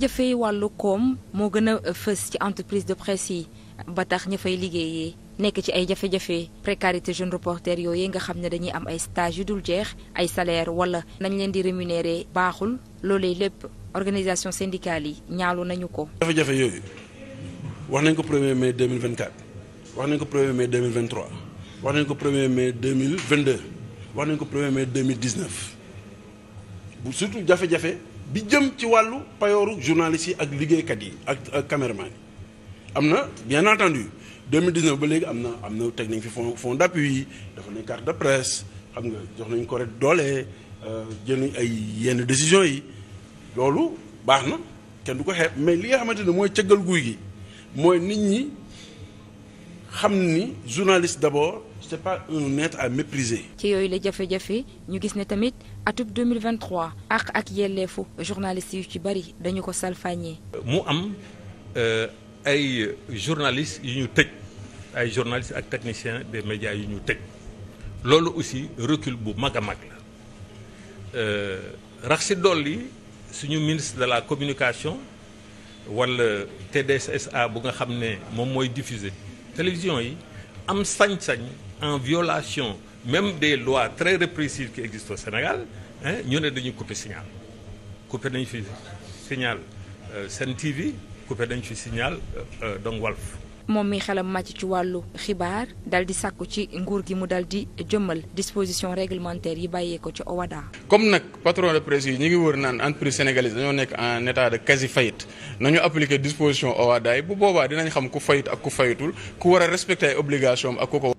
jafe wàllu koom moo gën a euh, fës ci entreprise de presse yi ba tax ña fay liggéeyee nekk ci ay jafe-jafe précarité jeune reporter yooyu nga xam ne dañuy am ay stage yu dul jeex ay salaire wala nañ leen di rémunérer baaxul loolee lépp organisation syndicale yi ñaalu nañu ko. jafe-jafe yooyu wax nañ ko premier mai 2024 wax nañ ko premier mai 2023 wax nañ ko premier mai 2022 wax nañ ko premier mai 2019 bu surtout jafe-jafe. bi jëm ci wàllu payooru journalistes yi ak liggéeykat yi ak ak caméraman yi am na bien entendu 2019 ba léegi am na am na teg nañ fi fond fond d'appui dafa nañ carte de presse xam nga jox nañ ko rek doole euh, jël nañ ay yenn décisions yi loolu baax na kenn du ko xeeb mais li nga xamante ne mooy cëggal guy gi mooy nit ñi xam ni journaliste d'abord c' est pas un maître ci yooyu la jafe-jafe ñu gis ne tamit atub 2023 ak ak yelleefu journaliste yu ci bëri dañu ko salfaañee. mu am euh, ay journalistes yu ñu tëj ay journalistes ak techniciens des médias yu ñu tëj loolu aussi recule bu mag a mag la euh, rax si dolli suñu ministre de la communication wala TDSA bu nga xam ne moom mooy diffuser télévision yi. am sañ-sañ en violation même des lois très répressives qui existent au Sénégal ñu ne dañuy couper signal couper nañu fi signal euh, Sen TV couper nañu fi signal euh, euh, donc Walf moom mi xelam màcc ci wàllu xibaar dal di sàkku ci nguur gi mu dal di jëmal disposition réglementaire yi bàyyee ko ci OWADA. comme nag patron de presse yi ñu ngi wër naan entreprise sénégalaise dañoo nekk en neta de quasi faillite nañu appliqué disposition OWADA yi bu boobaa dinañ xam ku fayit ak ku fayitul ku war a respecté ay obligations ak ku ko.